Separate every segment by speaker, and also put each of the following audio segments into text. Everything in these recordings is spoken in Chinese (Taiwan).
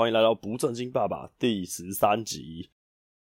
Speaker 1: 歡迎來到《不正經爸爸》第十三集。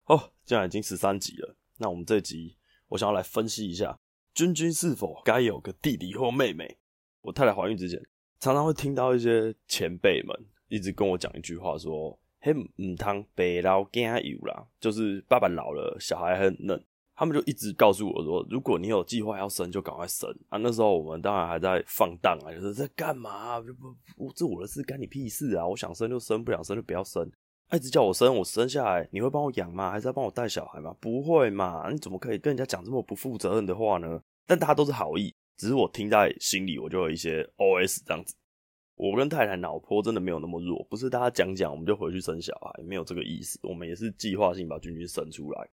Speaker 1: 哦，既然已經十三集了。那我們這一集，我想要來分析一下，君君是否該有個弟弟或妹妹？我太太懷孕之前，常常會聽到一些前輩們一直跟我講一句話，說：“嘿，唔通白老驚幼啦，就是爸爸老了，小孩很嫩。”他們就一直告訴我說：“如果你有計劃要生，就趕快生啊！”那時候我們當然還在放蕩啊，就是在幹嘛、啊？就不不，這我的事，干你屁事啊！我想生就生，不想生就不要生，啊。一直叫我生，我生下來，你會幫我養嗎？還是要幫我帶小孩嗎？不會嘛！你怎麼可以跟人家講這麼不負責任的話呢？但大家都是好意，只是我聽在心裡，我就有一些 OS 這樣子。我跟太太老婆真的沒有那麼弱，不是大家講講我們就回去生小孩，沒有這個意思。我們也是計劃性把君君生出來。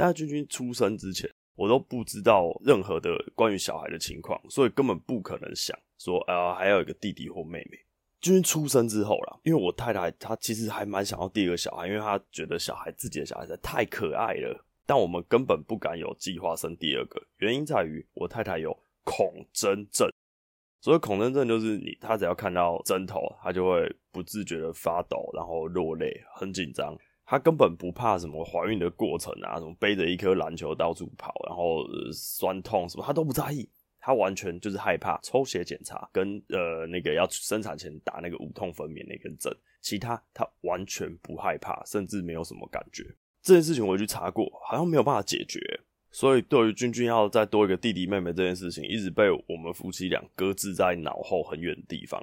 Speaker 1: 但是君君出生之前，我都不知道任何的關於小孩的情況，所以根本不可能想說，啊、呃，還有一個弟弟或妹妹。君君出生之後啦，因為我太太她其實還蠻想要第二個小孩，因為她覺得小孩自己的小孩太可愛了。但我們根本不敢有計劃生第二個，原因在於我太太有恐針症。所以恐針症就是你，她只要看到針頭，她就會不自覺的發抖，然後落淚，很緊張。他根本不怕什麼懷孕的過程啊，什麼背着一顆籃球到處跑，然後酸痛什麼，他都不在意。他完全就是害怕抽血檢查跟呃那個要生產前打那個無痛分娩那根針，其他他完全不害怕，甚至沒有什麼感覺。這件事情我去查過，好像沒有辦法解決，欸。所以對於君君要再多一個弟弟妹妹這件事情，一直被我們夫妻倆擱置在腦後很遠的地方，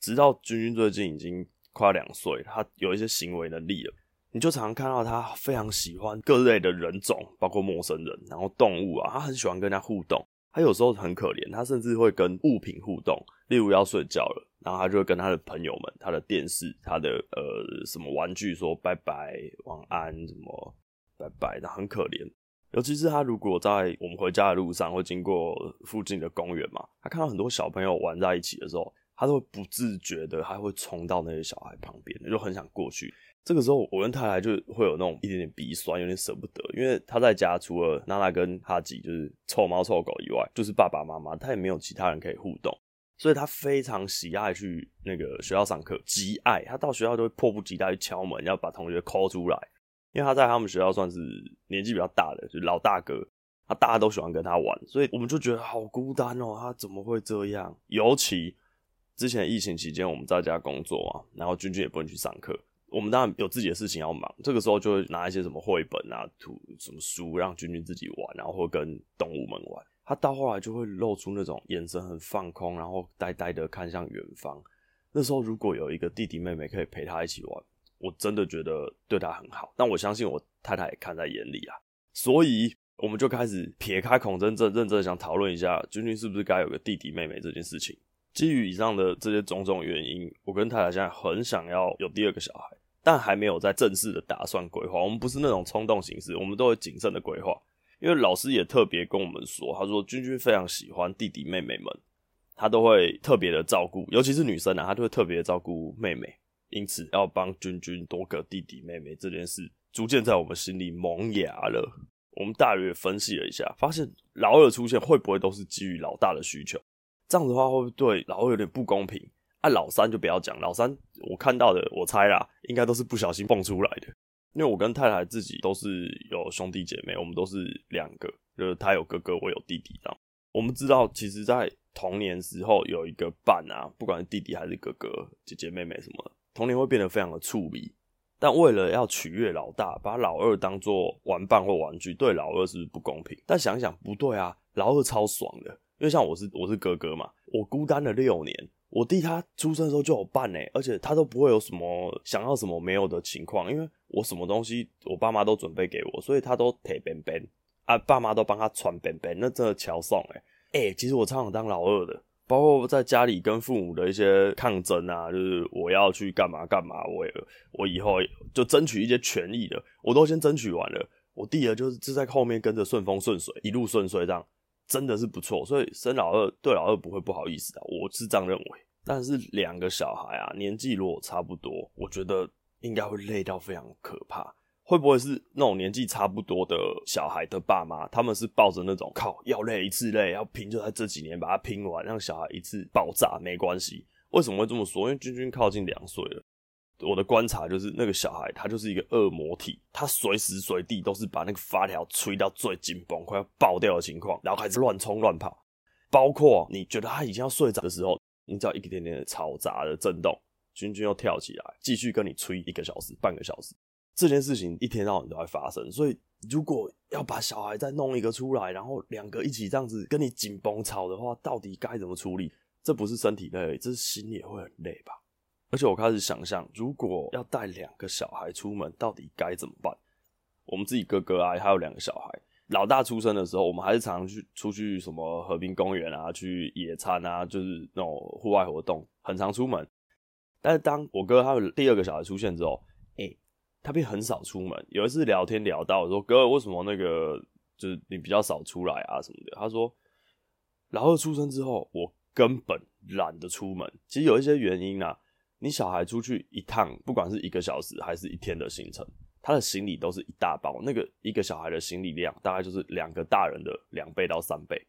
Speaker 1: 直到君君最近已經快兩歲，他有一些行為能力了。你就常常看到他非常喜歡各類的人種，包括陌生人，然後動物啊，他很喜歡跟人家互動。他有時候很可憐，他甚至會跟物品互動，例如要睡覺了，然後他就會跟他的朋友們、他的電視、他的呃什麼玩具說拜拜、晚安什麼拜拜，他很可憐。尤其是他如果在我們回家的路上會經過附近的公園嘛，他看到很多小朋友玩在一起的時候，他都會不自覺的他會衝到那些小孩旁邊，就很想過去。這個時候，我跟太太就會有那種一點點鼻酸，有點捨不得，因為他在家除了娜娜跟哈吉就是臭貓臭狗以外，就是爸爸媽媽，他也沒有其他人可以互動，所以他非常喜愛去那個學校上課，極愛。他到學校都會迫不及待去敲門，要把同學 call 出來，因為他在他們學校算是年紀比較大的，就是老大哥，他大家都喜歡跟他玩，所以我們就覺得好孤單哦，他怎麼會這樣？尤其之前的疫情期間，我們在家工作啊，然後君君也不能去上課。我們當然有自己的事情要忙，這個時候就會拿一些什麼繪本啊、圖什麼書讓君君自己玩，然後會跟動物們玩。他到後來就會露出那種眼神很放空，然後呆呆的看向遠方。那時候如果有一個弟弟妹妹可以陪他一起玩，我真的覺得對他很好。但我相信我太太也看在眼裡啊，所以我們就開始撇開恐懼症，認真想討論一下君君是不是該有個弟弟妹妹這件事情。基於以上的這些種種原因，我跟太太現在很想要有第二個小孩，但還沒有在正式的打算規劃。我們不是那種衝動行事，我們都會謹慎的規劃。因為老師也特別跟我們說，他說君君非常喜歡弟弟妹妹們，他都會特別的照顧，尤其是女生啊，他就會特別照顧妹妹。因此，要幫君君多個弟弟妹妹這件事，逐漸在我們心裡萌芽了。我們大約分析了一下，發現老二出現會不會都是基於老大的需求？這樣子的話會不會對老二有點不公平？啊老三就不要講，老三我看到的，我猜啦，應該都是不小心蹦出來的。因為我跟太太自己都是有兄弟姐妹，我們都是兩個，就是他有哥哥，我有弟弟這樣。我們知道，其實，在童年時候有一個伴啊，不管是弟弟還是哥哥、姐姐、妹妹什麼的，童年會變得非常的處離。但為了要取悅老大，把老二當做玩伴或玩具，對老二是不是不公平？但想一想不對啊，老二超爽的。因為像我是我是哥哥嘛，我孤單了六年。我弟他出生的時候就有伴呢，欸，而且他都不會有什麼想要什麼沒有的情況，因為我什麼東西我爸媽都準備給我，所以他都提便便啊，爸媽都幫他穿便便，那真的超爽哎哎。其實我超想當老二的，包括在家裡跟父母的一些抗爭啊，就是我要去幹嘛幹嘛，我我以後就爭取一些權益的，我都先爭取完了，我弟呢，就是就在後面跟着順風順水，一路順遂這樣。真的是不錯，所以生老二對老二不會不好意思的啊，我是這樣認為。但是兩個小孩啊，年紀如果差不多，我覺得應該會累到非常可怕。會不會是那種年紀差不多的小孩的爸媽，他們是抱着那種靠，要累一次累，要拼就在這幾年把它拼完，讓小孩一次爆炸沒關係。為什麼會這麼說？因為君君靠近兩歲了。我的觀察就是，那個小孩他就是一個惡魔體，他隨時隨地都是把那個發條吹到最緊繃、快要爆掉的情況，然後開始亂衝亂跑。包括你覺得他已經要睡着的時候，你只要一點點的嘈雜的震動，君君又跳起來繼續跟你吹一個小時、半個小時。這件事情一天到晚都會發生，所以如果要把小孩再弄一個出來，然後兩個一起這樣子跟你緊繃吵的話，到底該怎麼處理？這不是身體累，這是心也會很累吧。而且我開始想象，如果要帶兩個小孩出門，到底該怎麼辦？我們自己哥哥啊，還有兩個小孩，老大出生的時候，我們還是常常去，出去什麼河濱公園啊，去野餐啊，就是那種戶外活動，很常出門。但是當我哥他的第二個小孩出現之後，誒，他便很少出門。有一次聊天聊到，我說：“哥，為什麼那個就是你比較少出來啊什麼的？”他說：“老二出生之後，我根本懶得出門。”其實有一些原因啊。你小孩出去一趟，不管是一個小時還是一天的行程，他的行李都是一大包。那個一個小孩的行李量，大概就是兩個大人的兩倍到三倍。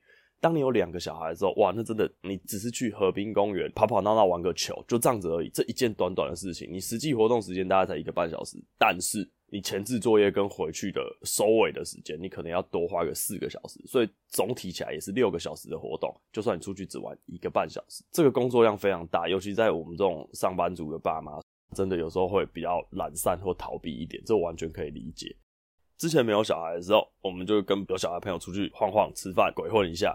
Speaker 1: 當你有兩個小孩的時候，哇，那真的你只是去河濱公園跑跑鬧鬧玩個球，就這樣子而已。這一件短短的事情，你實際活動時間大概才一個半小時，但是你前置作業跟回去的收尾的時間，你可能要多花個四個小時，所以總體起來也是六個小時的活動。就算你出去只玩一個半小時，這個工作量非常大，尤其在我們這種上班族的爸媽，真的有時候會比較懶散或逃避一點，這我完全可以理解。之前沒有小孩的時候，我們就跟有小孩朋友出去晃晃、吃飯、鬼混一下。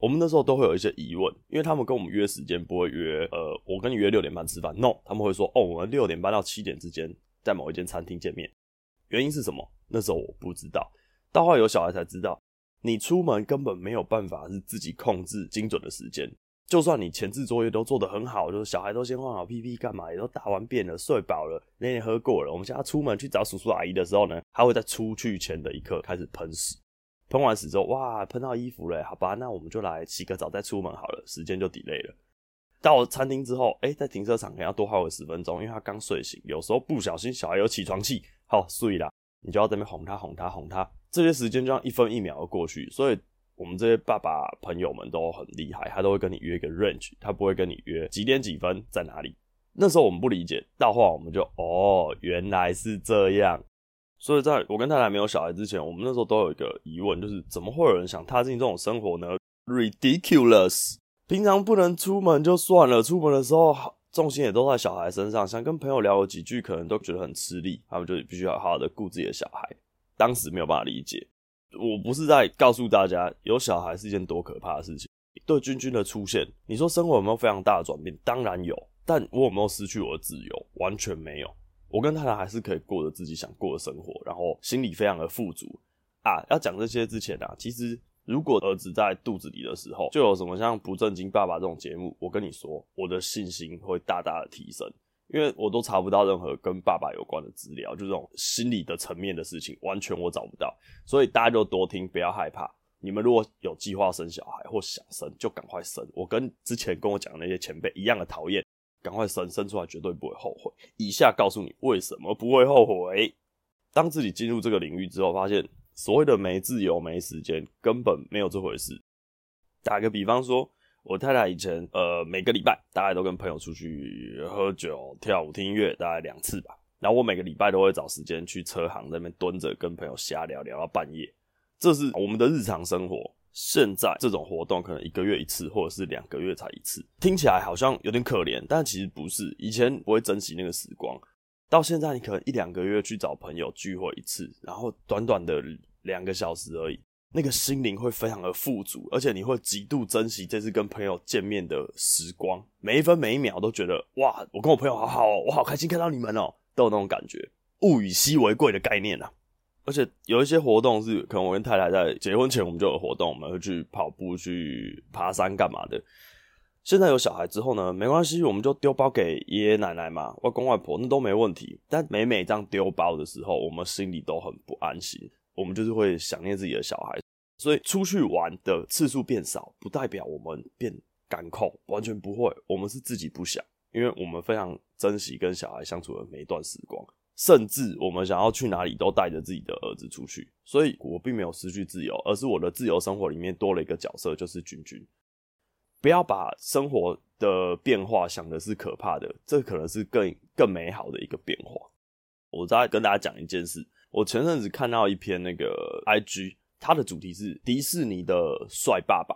Speaker 1: 我們那時候都會有一些疑問，因為他們跟我們約時間不會約，呃，我跟你約六點半吃飯，no，他們會說，哦，我們六點半到七點之間在某一間餐廳見面。原因是什麼？那時候我不知道，到後來有小孩才知道，你出門根本沒有辦法是自己控制精準的時間，就算你前置作業都做得很好，就是小孩都先換好屁屁，幹嘛也都打完便了，睡飽了，那天喝過了，我們現在出門去找叔叔阿姨的時候呢，他會在出去前的一刻開始噴屎。噴完屎之後，哇，噴到衣服嘞，好吧，那我們就來洗個澡再出門好了，時間就 delay 了。到餐廳之後，哎、欸，在停車場可能要多花個十分鐘，因為他剛睡醒，有時候不小心小孩有起床氣，好，睡啦，你就要在那邊哄他哄他哄他，這些時間就像一分一秒的過去。所以我們這些爸爸朋友們都很厲害，他都會跟你約一個 range，他不會跟你約幾點幾分在哪裡。那時候我們不理解，到後來我們就，哦，原來是這樣。所以，在我跟太太沒有小孩之前，我們那時候都有一個疑問，就是怎麼會有人想踏進這種生活呢？Ridiculous，平常不能出門就算了，出門的時候重心也都在小孩身上，想跟朋友聊了幾句，可能都覺得很吃力，他們就必須要好好的顧自己的小孩。當時沒有辦法理解，我不是在告訴大家有小孩是一件多可怕的事情。對，君君的出現，你說生活有沒有非常大的轉變？當然有，但我有沒有失去我的自由？完全沒有。我跟太太還是可以過着自己想過的生活，然後心裡非常的富足啊。要講這些之前啊，其實如果兒子在肚子裡的時候，就有什麼像不正經爸爸這種節目，我跟你說，我的信心會大大的提升，因為我都查不到任何跟爸爸有關的資料，就這種心理的層面的事情，完全我找不到。所以大家就多聽，不要害怕。你們如果有計劃生小孩或想生，就趕快生。我跟之前跟我講的那些前輩一樣的討厭。趕快生生出來，絕對不會後悔。以下告訴你為什麼不會後悔。當自己進入這個領域之後，發現所謂的沒自由、沒時間根本沒有這回事。打個比方說，我太太以前呃每個禮拜大概都跟朋友出去喝酒、跳舞、聽音樂，大概兩次吧。然後我每個禮拜都會找時間去車行在那邊蹲着跟朋友瞎聊聊到半夜，這是我們的日常生活。現在這種活動可能一個月一次，或者是兩個月才一次，聽起來好像有點可憐，但其實不是。以前不會珍惜那個時光，到現在你可能一兩個月去找朋友聚會一次，然後短短的兩個小時而已，那個心靈會非常的富足，而且你會極度珍惜這次跟朋友見面的時光，每一分每一秒都覺得哇，我跟我朋友好好哦，我好開心看到你們哦，都有那種感覺。物以稀為貴的概念啊。而且有一些活動是可能我跟太太在結婚前我們就有活動，我們會去跑步、去爬山、幹嘛的。現在有小孩之後呢，沒關係，我們就丟包給爺爺奶奶嘛、外公外婆，那都沒問題。但每每這樣丟包的時候，我們心裡都很不安心，我們就是會想念自己的小孩。所以出去玩的次數變少，不代表我們變感控，完全不會。我們是自己不想，因為我們非常珍惜跟小孩相處的每一段時光。甚至我們想要去哪裡都帶着自己的兒子出去，所以我並沒有失去自由，而是我的自由生活裡面多了一個角色，就是君君。不要把生活的變化想的是可怕的，這可能是更更美好的一個變化。我再跟大家講一件事，我前陣子看到一篇那個 IG，它的主題是迪士尼的帥爸爸，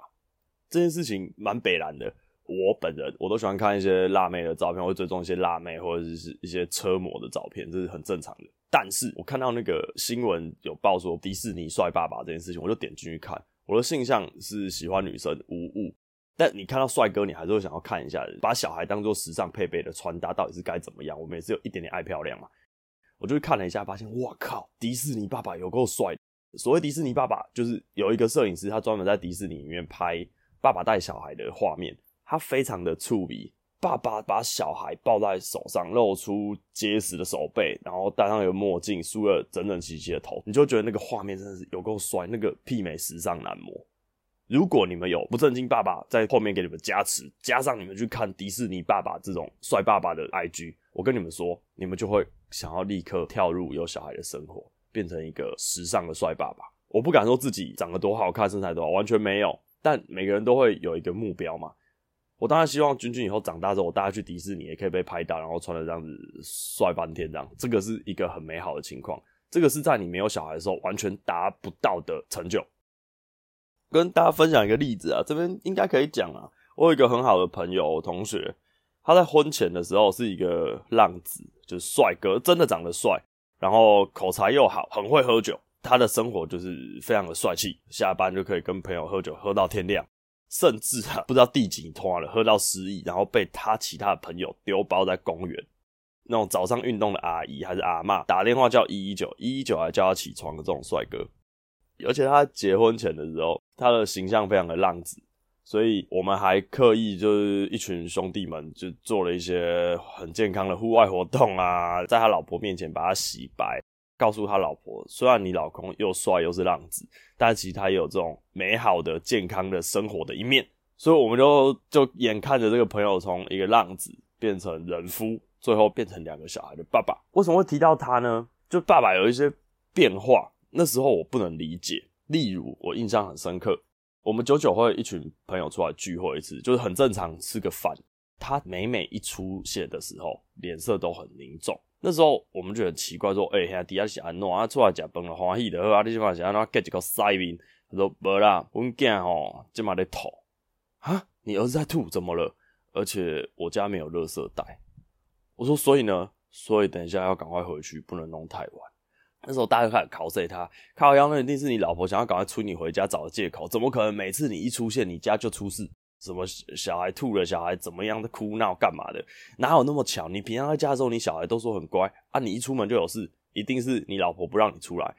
Speaker 1: 這件事情蠻白爛的。我本人我都喜歡看一些辣妹的照片，會追蹤一些辣妹，或者是是一些車模的照片，這是很正常的。但是我看到那個新聞有報說迪士尼帥爸爸這件事情，我就點進去看。我的性向是喜歡女生無誤，但你看到帥哥，你還是會想要看一下，把小孩當做時尚配備的穿搭到底是該怎麼樣？我們也是有一點點愛漂亮嘛。我就去看了一下，發現我靠，迪士尼爸爸有夠帥！所謂迪士尼爸爸，就是有一個攝影師，他專門在迪士尼裡面拍爸爸帶小孩的畫面。他非常的酷比，爸爸把小孩抱在手上，露出結實的手背，然後戴上一個墨鏡，梳個整整齊齊的頭，你就覺得那個畫面真的是有夠帥，那個媲美時尚男模。如果你們有不正經爸爸在後面給你們加持，加上你們去看迪士尼爸爸這種帥爸爸的 IG，我跟你們說，你們就會想要立刻跳入有小孩的生活，變成一個時尚的帥爸爸。我不敢說自己長得多好看，身材多好，完全沒有。但每個人都會有一個目標嘛。我當然希望君君以後長大之後，我帶他去迪士尼也可以被拍到，然後穿的這樣子帥翻天這樣，這個是一個很美好的情況。這個是在你沒有小孩的時候完全達不到的成就。跟大家分享一個例子啊，這邊應該可以講啊。我有一個很好的朋友同學，他在婚前的時候是一個浪子，就是帥哥，真的長得帥，然後口才又好，很會喝酒。他的生活就是非常的帥氣，下班就可以跟朋友喝酒，喝到天亮。甚至啊，不知道第幾攤了，喝到失憶，然後被他其他的朋友丟包在公園。那種早上運動的阿姨還是阿嬤，打電話叫一一九，一一九，還叫他起床的這種帥哥。而且他結婚前的時候，他的形象非常的浪子，所以我們還刻意就是一群兄弟們就做了一些很健康的戶外活動啊，在他老婆面前把他洗白。告訴他老婆，雖然你老公又帥又是浪子，但其實他也有這種美好的、健康的生活的一面。所以，我們就就眼看着這個朋友從一個浪子變成人夫，最後變成兩個小孩的爸爸。為什麼會提到他呢？就爸爸有一些變化，那時候我不能理解。例如，我印象很深刻，我們久久會一群朋友出來聚會一次，就是很正常吃個飯。他每每一出現的時候，臉色都很凝重。那時候我們就很奇怪，說：“哎、欸，兄弟，你是安怎啊出來吃飯了？歡喜的，你這馬是讓他給一個塞面？他說沒啦，我見吼、喔，這馬在吐啊！你兒子在吐，怎麼了？而且我家沒有垃圾袋。”我說：“所以呢？所以等一下要趕快回去，不能弄太晚。”那時候大家開始口水他，靠！要那一定是你老婆想要趕快催你回家找借口，怎麼可能？每次你一出現，你家就出事。什麼小孩吐了，小孩怎麼樣的哭鬧幹嘛的？哪有那麼巧？你平常在家的時候，你小孩都說很乖啊，你一出門就有事，一定是你老婆不讓你出來。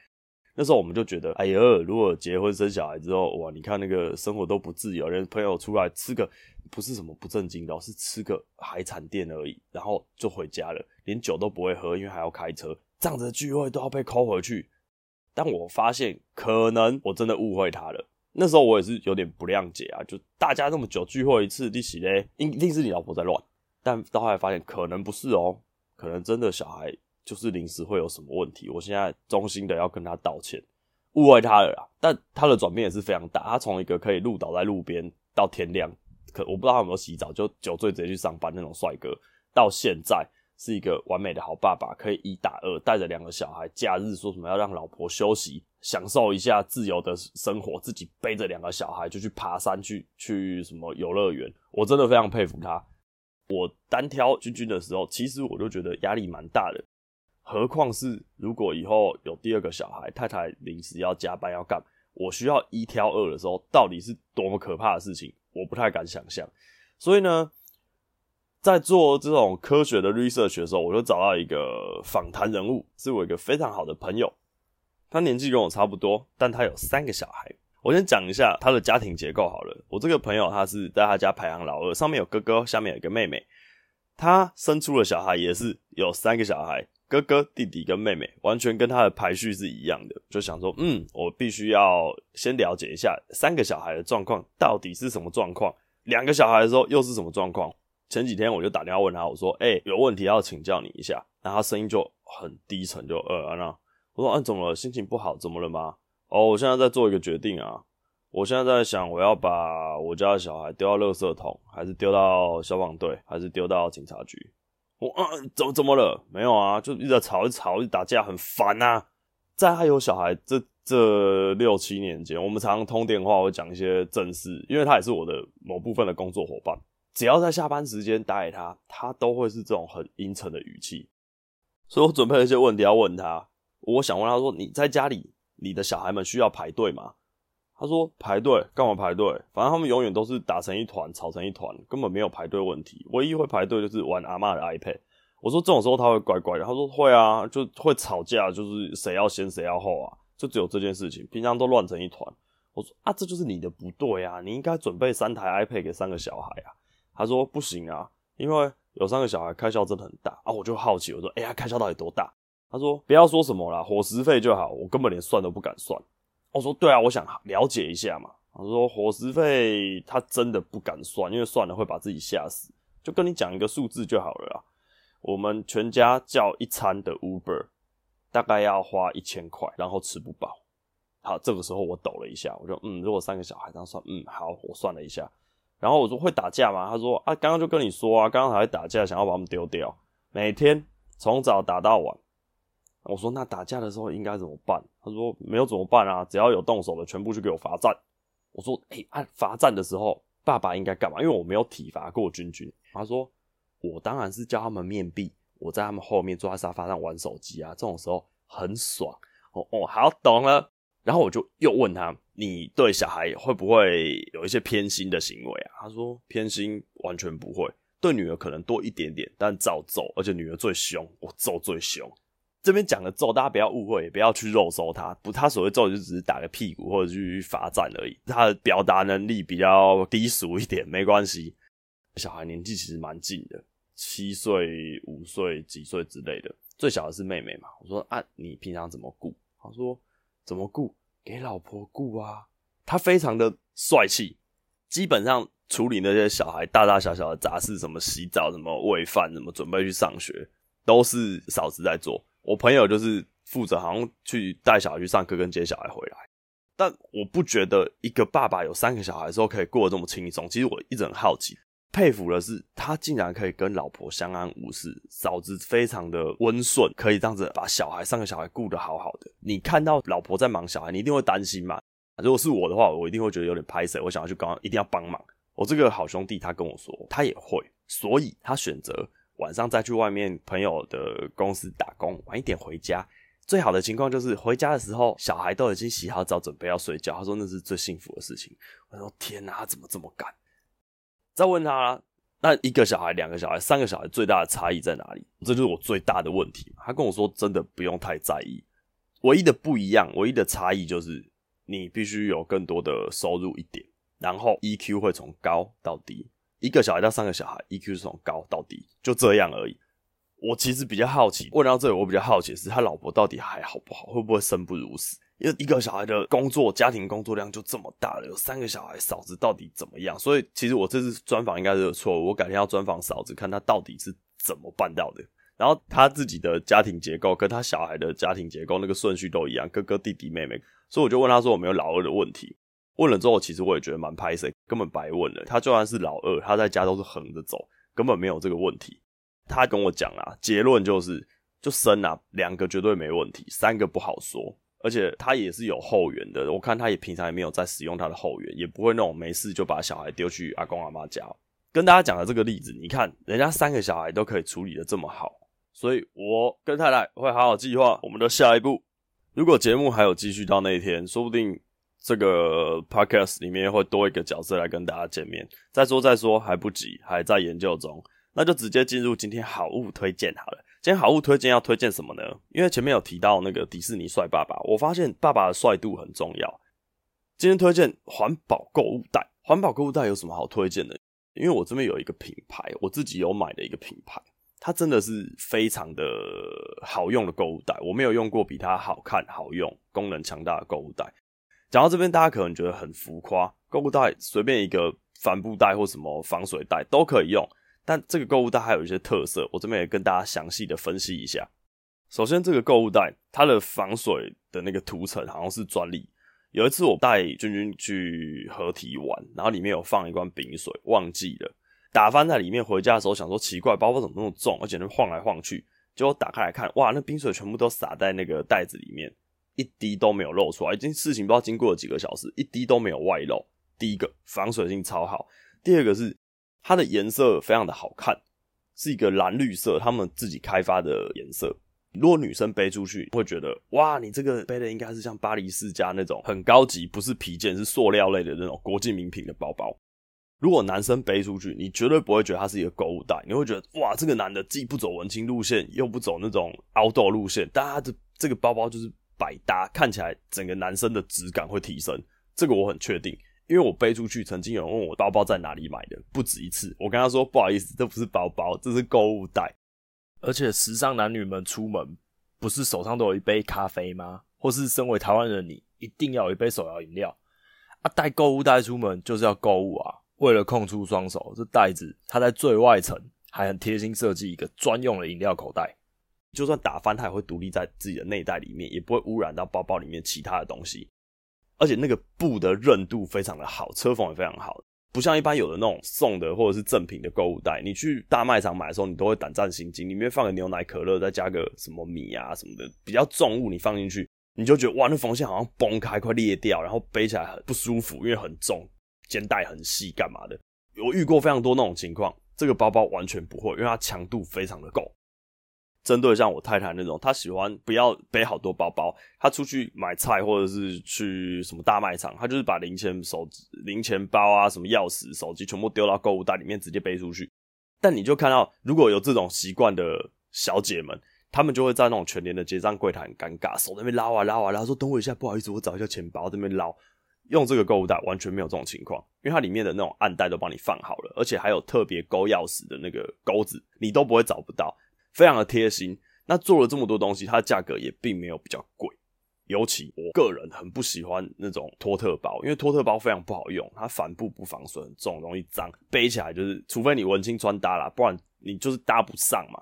Speaker 1: 那時候我們就覺得，哎呦，如果結婚生小孩之後，哇，你看那個生活都不自由，連朋友出來吃個不是什麼不正經的，哦，是吃個海產店而已，然後就回家了，連酒都不會喝，因為還要開車，這樣子的聚會都要被 call 回去。但我發現，可能我真的誤會他了。那時候我也是有點不諒解啊，就大家那麼久聚會一次一起嘞，一定是你老婆在亂。但到後來發現可能不是哦，可能真的小孩就是臨時會有什麼問題。我現在衷心的要跟他道歉，誤會他了啦。但他的轉變也是非常大，他從一個可以路倒在路邊到天亮，可我不知道他有沒有洗澡，就酒醉直接去上班那種帥哥，到現在。是一個完美的好爸爸，可以一打二，帶着兩個小孩。假日說什麼要讓老婆休息，享受一下自由的生活，自己背着兩個小孩就去爬山去，去去什麼遊樂園。我真的非常佩服他。我單挑君君的時候，其實我就覺得壓力蠻大的，何況是如果以後有第二個小孩，太太臨時要加班要幹，我需要一挑二的時候，到底是多麼可怕的事情，我不太敢想象。所以呢，在做這種科學的 research 的時候，我就找到一個訪談人物，是我一個非常好的朋友。他年紀跟我差不多，但他有三個小孩。我先講一下他的家庭結構好了。我這個朋友他是在他家排行老二，上面有哥哥，下面有一個妹妹。他生出了小孩也是有三個小孩，哥哥、弟弟跟妹妹，完全跟他的排序是一樣的。就想說，嗯，我必須要先了解一下三個小孩的狀況到底是什麼狀況，兩個小孩的時候又是什麼狀況。前幾天我就打電話問他，我說：“哎、欸，有問題要請教你一下。”然後他聲音就很低沉，就呃、啊，那我說：“啊，怎麼了？心情不好？怎麼了嗎？”哦，我現在在做一個決定啊，我現在在想，我要把我家的小孩丟到垃圾桶，還是丟到消防隊，還是丟到警察局？我嗯、啊，怎麼怎麼了？沒有啊，就一直吵，一吵，一打架，打架很煩啊。在他有小孩這這六七年間，我們常常通電話，會講一些正事，因為他也是我的某部分的工作伙伴。只要在下班時間打給他，他都會是這種很陰沉的語氣，所以我準備了一些問題要問他。我想問他說：“你在家裡，你的小孩們需要排隊嗎？”他說：“排隊幹嘛排隊？反正他們永遠都是打成一團，吵成一團，根本沒有排隊問題。唯一會排隊就是玩阿嬤的 iPad。”我說：“這種時候他會乖乖的。”他說：“會啊，就會吵架，就是誰要先誰要後啊，就只有這件事情，平常都亂成一團。”我說：“啊，這就是你的不對啊，你應該準備三台 iPad 給三個小孩啊。”他說不行啊，因為有三個小孩開銷真的很大啊。我就好奇，我說哎呀、欸啊，開銷到底多大？他說不要說什麼啦，伙食費就好。我根本連算都不敢算。我說對啊，我想了解一下嘛。他說伙食費他真的不敢算，因為算了會把自己嚇死。就跟你講一個數字就好了啦。我們全家叫一餐的 Uber，大概要花一千塊，然後吃不飽。好，這個時候我抖了一下，我就嗯，如果三個小孩，這樣算，嗯好，我算了一下。然後我說會打架嗎？他說，啊，剛剛就跟你說啊，剛剛還會打架，想要把他們丟掉，每天從早打到晚。我說那打架的時候應該怎麼辦？他說沒有怎麼辦啊，只要有動手的，全部就給我罰站。我說，哎，欸啊，罰站的時候爸爸應該幹嘛？因為我沒有體罰過軍軍。他說我當然是教他們面壁，我在他們後面坐在沙發上玩手機啊，這種時候很爽。哦哦，好懂了。然後我就又問他，你對小孩會不會有一些偏心的行為啊？他說偏心完全不會，對女兒可能多一點點，但照揍，而且女兒最凶，我揍最凶。這邊講的揍大家不要誤會，也不要去肉搜他，不，他所謂揍就只是打個屁股或者去罰站而已。他的表達能力比較低俗一點沒關係，小孩年紀其實蠻近的，七歲、五歲、幾歲之類的，最小的是妹妹嘛。我說啊，你平常怎麼顧？他說怎麼顧？給老婆顧啊，他非常的帥氣，基本上處理那些小孩大大小小的雜事，什麼洗澡，什麼餵飯，什麼準備去上學，都是嫂子在做。我朋友就是負責，好像去帶小孩去上課，跟接小孩回來。但我不覺得一個爸爸有三個小孩的時候，可以過得這麼輕鬆。其實我一直很好奇。佩服的是，他竟然可以跟老婆相安無事，嫂子非常的溫順，可以這樣子把小孩、三個小孩顧得好好的。你看到老婆在忙小孩，你一定會擔心嘛、啊？如果是我的話，我一定會覺得有點拍謝，我想要去搞，一定要幫忙。我這個好兄弟，他跟我說，他也會，所以他選擇晚上再去外面朋友的公司打工，晚一點回家。最好的情況就是回家的時候，小孩都已經洗好澡，準備要睡覺。他說那是最幸福的事情。我說天哪、啊，他怎麼這麼趕？再問他，那一個小孩、兩個小孩、三個小孩最大的差異在哪裡？這就是我最大的問題。他跟我說，真的不用太在意，唯一的不一樣、唯一的差異就是你必須有更多的收入一點，然後 EQ 會從高到低，一個小孩到三個小孩，EQ 是從高到低，就這樣而已。我其實比較好奇，問到這裡我比較好奇的是他老婆到底還好不好，會不會生不如死？因為一個小孩的工作、家庭工作量就這麼大了，有三個小孩，嫂子到底怎麼樣？所以其實我這次專訪應該是有錯，我改天要專訪嫂子，看他到底是怎麼辦到的。然後他自己的家庭結構跟他小孩的家庭結構那個順序都一樣，哥哥、弟弟、妹妹，所以我就問他說有沒有老二的問題。問了之後，其實我也覺得蠻拍謝，根本白問了。他就算是老二，他在家都是橫着走，根本沒有這個問題。他跟我講啊，結論就是就生啦、啊，兩個絕對沒問題，三個不好說。而且他也是有後援的，我看他也平常也沒有在使用他的後援，也不會那種沒事就把小孩丟去阿公阿媽家。跟大家講的這個例子，你看人家三個小孩都可以處理的這麼好，所以我跟太太會好好計劃我們的下一步。如果節目還有繼續到那一天，說不定這個 podcast 裡面會多一個角色來跟大家見面。再說再說，還不急，還在研究中。那就直接進入今天好物推薦好了。今天好物推薦要推薦什麼呢？因為前面有提到那個迪士尼帥爸爸，我發現爸爸的帥度很重要。今天推薦環保購物袋，環保購物袋有什麼好推薦的？因為我這邊有一個品牌，我自己有買的一個品牌，它真的是非常的好用的購物袋，我沒有用過比它好看、好用、功能強大的購物袋。講到這邊，大家可能覺得很浮誇，購物袋隨便一個帆布袋或什麼防水袋都可以用。但這個購物袋還有一些特色，我這邊也跟大家詳細的分析一下。首先，這個購物袋它的防水的那個塗層好像是專利。有一次我帶君君去河堤玩，然後裡面有放一罐冰水，忘記了打翻在裡面。回家的時候想說奇怪，包包怎麼那麼重，而且那晃來晃去。結果打開來看，哇，那冰水全部都灑在那個袋子裡面，一滴都沒有漏出來。這件事情不知道經過了幾個小時，一滴都沒有外漏。第一個防水性超好，第二個是。它的顏色非常的好看，是一個藍綠色，他們自己開發的顏色。如果女生背出去，會覺得哇，你這個背的應該是像巴黎世家那種很高級，不是皮件，是塑料類的那種國際名品的包包。如果男生背出去，你絕對不會覺得它是一個購物袋，你會覺得哇，這個男的既不走文青路線，又不走那種 outdoor 路線，但他的這個包包就是百搭，看起來整個男生的質感會提升，這個我很確定。因為我背出去，曾經有人問我包包在哪裡買的，不止一次。我跟他說：“不好意思，這不是包包，這是購物袋。”而且時尚男女們出門不是手上都有一杯咖啡嗎？或是身為台灣人你，你一定要有一杯手搖飲料啊？帶購物袋出門就是要購物啊！為了空出雙手，這袋子它在最外層還很貼心設計一個專用的飲料口袋，就算打翻，它也會獨立在自己的內袋裡面，也不會污染到包包裡面其他的東西。而且那個布的韌度非常的好，車縫也非常好，不像一般有的那種送的或者是贈品的購物袋，你去大賣場買的時候，你都會膽戰心驚，裡面放個牛奶、可樂，再加個什麼米啊什麼的，比較重物你放進去，你就覺得哇，那縫線好像崩開、快裂掉，然後背起來很不舒服，因為很重，肩帶很細，幹嘛的？我遇過非常多那種情況，這個包包完全不會，因為它強度非常的夠。針對像我太太那種，她喜歡不要背好多包包，她出去買菜或者是去什麼大賣場，她就是把零錢手、手零錢包啊、什麼鑰匙、手機全部丟到購物袋裡面，直接背出去。但你就看到，如果有這種習慣的小姐們，她們就會在那種全聯的結賬櫃台很尷尬，手在那邊撈啊撈啊然後、啊、說等我一下，不好意思，我找一下錢包，這邊撈。用這個購物袋完全沒有這種情況，因為它裡面的那種暗袋都幫你放好了，而且還有特別勾鑰匙的那個鈎子你都不會找不到。非常的貼心，那做了這麼多東西，它的價格也並沒有比較貴。尤其我個人很不喜歡那種托特包，因為托特包非常不好用，它帆布不防水，很重，容易髒，背起來就是，除非你文青穿搭啦，不然你就是搭不上嘛。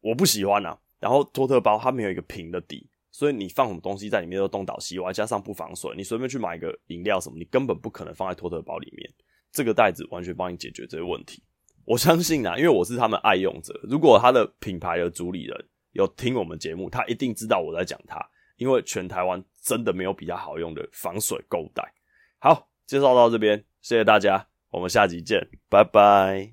Speaker 1: 我不喜歡啊。然後托特包它沒有一個平的底，所以你放什麼東西在裡面都東倒西歪，加上不防水，你隨便去買一個飲料什麼，你根本不可能放在托特包裡面。這個袋子完全幫你解決這些問題。我相信啊，因為我是他們愛用者。如果他的品牌的主理人有聽我們節目，他一定知道我在講他。因為全台灣真的沒有比較好用的防水購物袋。好，介紹到這邊，謝謝大家，我們下集見，拜拜。